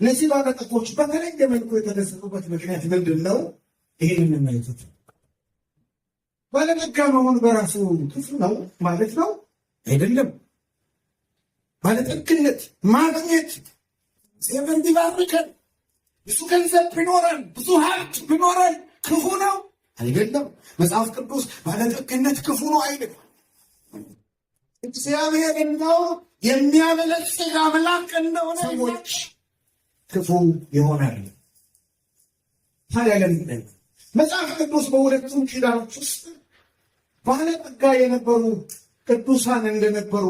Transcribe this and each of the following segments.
እነዚህ ባለጠጎች በተለየ መልኩ የተደሰቱበት ምክንያት ምንድን ነው? ይህን እናይቱት። ባለጠጋ መሆን በራሱ ክፍ ነው ማለት ነው አይደለም። ባለጠግነት ማግኘት እግዚአብሔር ቢባርከን ብዙ ገንዘብ ቢኖረን ብዙ ሀብት ቢኖረን ክፉ ነው አይደለም። መጽሐፍ ቅዱስ ባለጠግነት ክፉ ነው አይደለም። እግዚአብሔር እንደው የሚያበለጽግ አምላክ እንደሆነ ሰዎች ክፉ ይሆናል። ታዲያ ለምንድን መጽሐፍ ቅዱስ በሁለቱም ኪዳኖች ውስጥ ባለጠጋ የነበሩ ቅዱሳን እንደነበሩ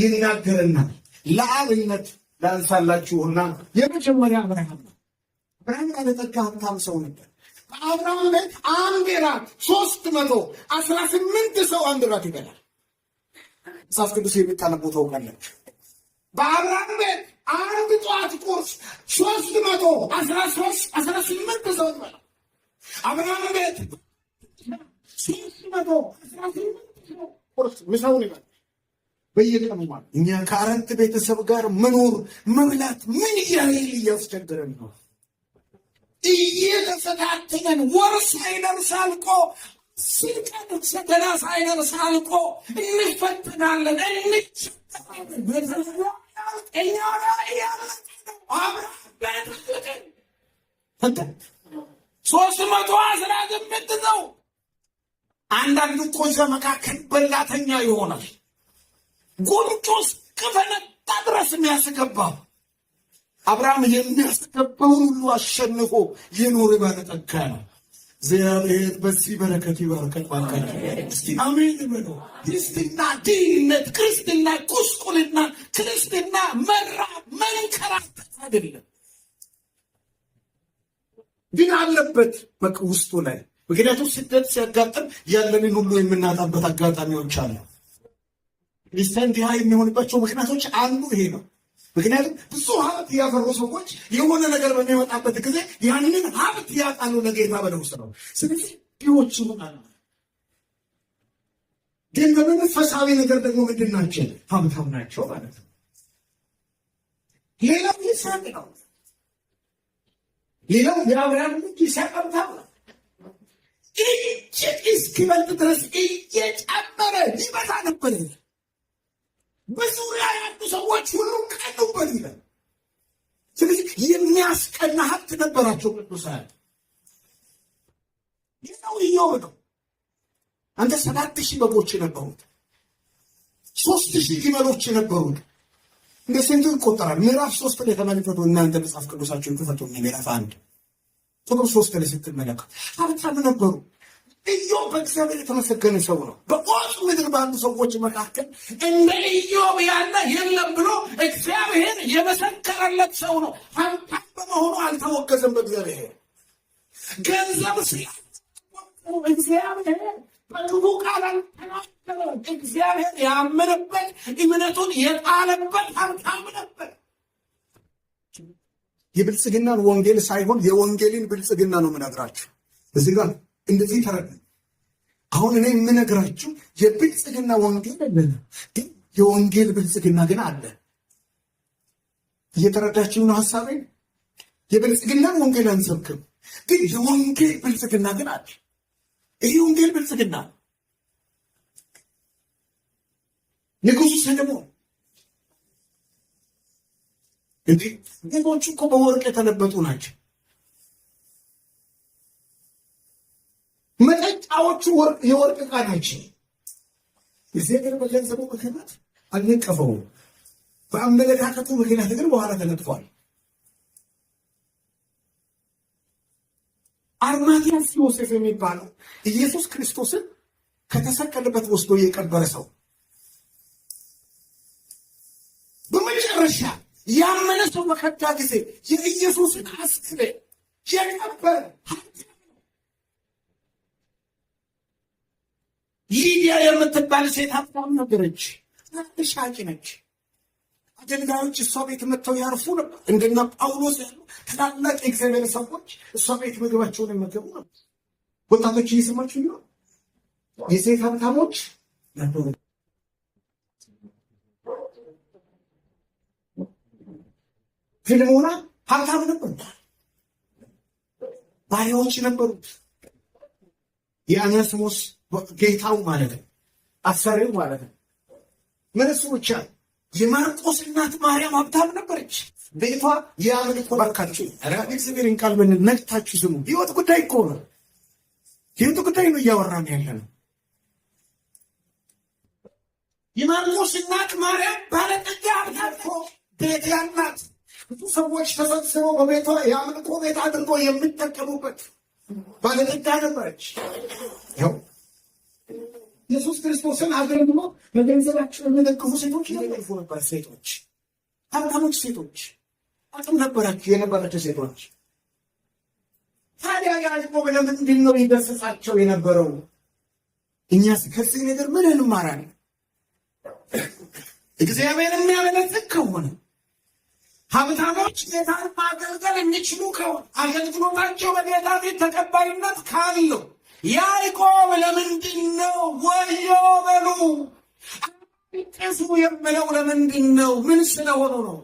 ይናገርና ለአብነት ላንሳላችሁና የመጀመሪያ አብርሃም ነው። አብርሃም ባለጠጋ ሀብታም ሰው ነበር። በአብርሃም ቤት አንድ ራት ሶስት መቶ አስራ ስምንት ሰው አንድ ራት ይበላል። መጽሐፍ ቅዱስ የምታነቡ ታውቃላችሁ። በአብርሃም ሶስት መቶ አስራ ሶስት አስራ ስምንት ሰው ይበላል። አብርሃም ቤት ሶስት መቶ አስራ ስምንት ሰው ቁርስ ምሳውን ይበላል በየቀኑ ማለት እኛ ከአራት ቤተሰብ ጋር መኖር መብላት ምን ያህል እያስቸገረን ነው። እየተፈታተነን ወር ሳይደርስ አልቆ ስልቀን ሰደራ ሳይደርስ አልቆ እንፈትናለን፣ እንቸገራለን። ቤተሰብ እኛ እያለ አብረ ሶስት መቶ አስራ ስምንት ነው። አንዳንዱ እኮ እዛ መካከል በላተኛ ይሆናል። ጉንጩ እስከፈነጣ ድረስ የሚያስገባ አብርሃም የሚያስገባውን ሁሉ አሸንፎ የኖረ ባለጠጋ ነው። እግዚአብሔር በዚህ በረከት ይባርከን ባካቸው። እስቲ አሜን ብሎ ክርስትና ድህነት፣ ክርስትና ጉስቁልና፣ ክርስትና መራብ መንከራተት አይደለም። ግን አለበት በቃ ውስጡ ላይ ምክንያቱም ስደት ሲያጋጥም ያለንን ሁሉ የምናጣበት አጋጣሚዎች አሉ። ክርስቲያን ድሃ የሚሆንባቸው ምክንያቶች አንዱ ይሄ ነው። ምክንያቱም ብዙ ሀብት ያፈሩ ሰዎች የሆነ ነገር በሚመጣበት ጊዜ ያንን ሀብት ያጣሉ ለጌታ ብለው ነው። ስለዚህ ቢዎች ይመጣል። ግን በመንፈሳዊ ነገር ደግሞ ምንድን ናቸው? ሀብታም ናቸው ማለት ነው። ሌላው ይሰጥ ነው ሌላው የአብርሃም ልጅ ይስሐቅ ሀብታም ነው። እጅግ እስኪበልጥ ድረስ እየጨመረ ይበዛ ነበር ይላል። በዙሪያ ያሉ ሰዎች ሁሉ ቀኑበት ይላል። ስለዚህ የሚያስቀና ሀብት ነበራቸው ቅዱሳን። ሌላው ኢዮብ አንተ ሰባት ሺህ በጎች ነበሩት፣ ሶስት ሺህ ግመሎች ነበሩት እንደ ሴንቱ ይቆጠራል። ምዕራፍ ሶስት ላይ ተመለከቱ እናንተ መጽሐፍ ቅዱሳችሁን ክፈቱ። ምዕራፍ አንድ ቁጥር ሶስት ላይ ስትመለከት ሀብታም ነበሩ። ኢዮብ በእግዚአብሔር የተመሰገነ ሰው ነው። በኦጽ ምድር ባሉ ሰዎች መካከል እንደ ኢዮብ ያለ የለም ብሎ እግዚአብሔር የመሰከረለት ሰው ነው። ሀብታም በመሆኑ አልተወገዘም። በእግዚአብሔር ገንዘብ ሲያ እግዚአብሔር በክፉ ቃል አልተናገረም። እግዚአብሔር ያምንበት እምነቱን የጣለበት ሀብታም ነበር። የብልጽግናን ወንጌል ሳይሆን የወንጌልን ብልጽግና ነው የምነግራችሁ። እዚህ ጋር እንደዚህ ተረዳ። አሁን እኔ የምነግራችሁ የብልጽግና ወንጌል አለ፣ ግን የወንጌል ብልጽግና ግን አለ። እየተረዳችሁ ነው ሀሳቤ? የብልጽግናን ወንጌል አንሰብክም፣ ግን የወንጌል ብልጽግና ግን አለ። ይህ ወንጌል ብልጽግና ነው። ንጉሱ ሰለሞን እንዴ ግንቦቹ እኮ በወርቅ የተለበጡ ናቸው። መጠጫዎቹ የወርቅ ዕቃ ናቸው። እግዚአብሔር በገንዘቡ ምክንያት አልነቀፈውም። በአመለካከቱ ምክንያት ግን በኋላ ተነጥፏል። አርማትያስ ዮሴፍ የሚባለው ኢየሱስ ክርስቶስን ከተሰቀለበት ወስዶ የቀበረ ሰው በመጨረሻ ያመነ ሰው በከዳ ጊዜ የኢየሱስን አስክሬን የቀበረ ሊዲያ የምትባል ሴት ሀብታም ነበረች፣ ሻጭ ነች። አገልጋዮች እሷ ቤት መጥተው ያርፉ ነበር። እንደና ጳውሎስ ያሉ ትላላቅ የእግዚአብሔር ሰዎች እሷ ቤት ምግባቸውን የመገቡ ነበር። ወጣቶች እየሰማችሁ ነው። የሴት ሀብታሞች ነበሩ። ፊልሞና ሀብታም ነበሩ፣ ባሪያዎች ነበሩት። የአናስሞስ ጌታው ማለት ነው፣ አሰሪው ማለት ነው። ምን እሱ ብቻ ነው የማርቆስ እናት ማርያም ሀብታም ነበረች። ቤቷ የአምልኮ ባካችሁ እግዚአብሔርን ቃል ምን ነግታችሁ ስሙ። ህይወት ጉዳይ እኮ ነው፣ ህይወት ጉዳይ ነው እያወራን ያለ ነው። የማርቆስ እናት ማርያም ባለጠጋ ሀብታም እኮ ቤት ያናት ብዙ ሰዎች ተሰብስበው በቤቷ የአምልኮ ቤት አድርጎ የምጠቀሙበት ባለጠጋ ነበረች። ኢየሱስ ክርስቶስን አገልግሎት በገንዘባቸው የሚለቅፉ ሴቶች ይለቅፉ ነበር። ሴቶች፣ ሀብታሞች ሴቶች፣ አቅም ነበራቸው የነበራቸው ሴቶች። ታዲያ ያዕቆብ ለምንድን ነው ይገስጻቸው የነበረው? እኛስ ከዚህ ነገር ምን እንማራለን? እግዚአብሔር የሚያበለጽግ ከሆነ ሀብታሞች ጌታን ማገልገል የሚችሉ ከሆነ አገልግሎታቸው በጌታ ፊት ተቀባይነት ካለው ያዕቆብ ለምንድን ነው ወዮ በሉ? ቅስሙ የምለው ለምንድን ነው? ምን ስለሆኑ ነው?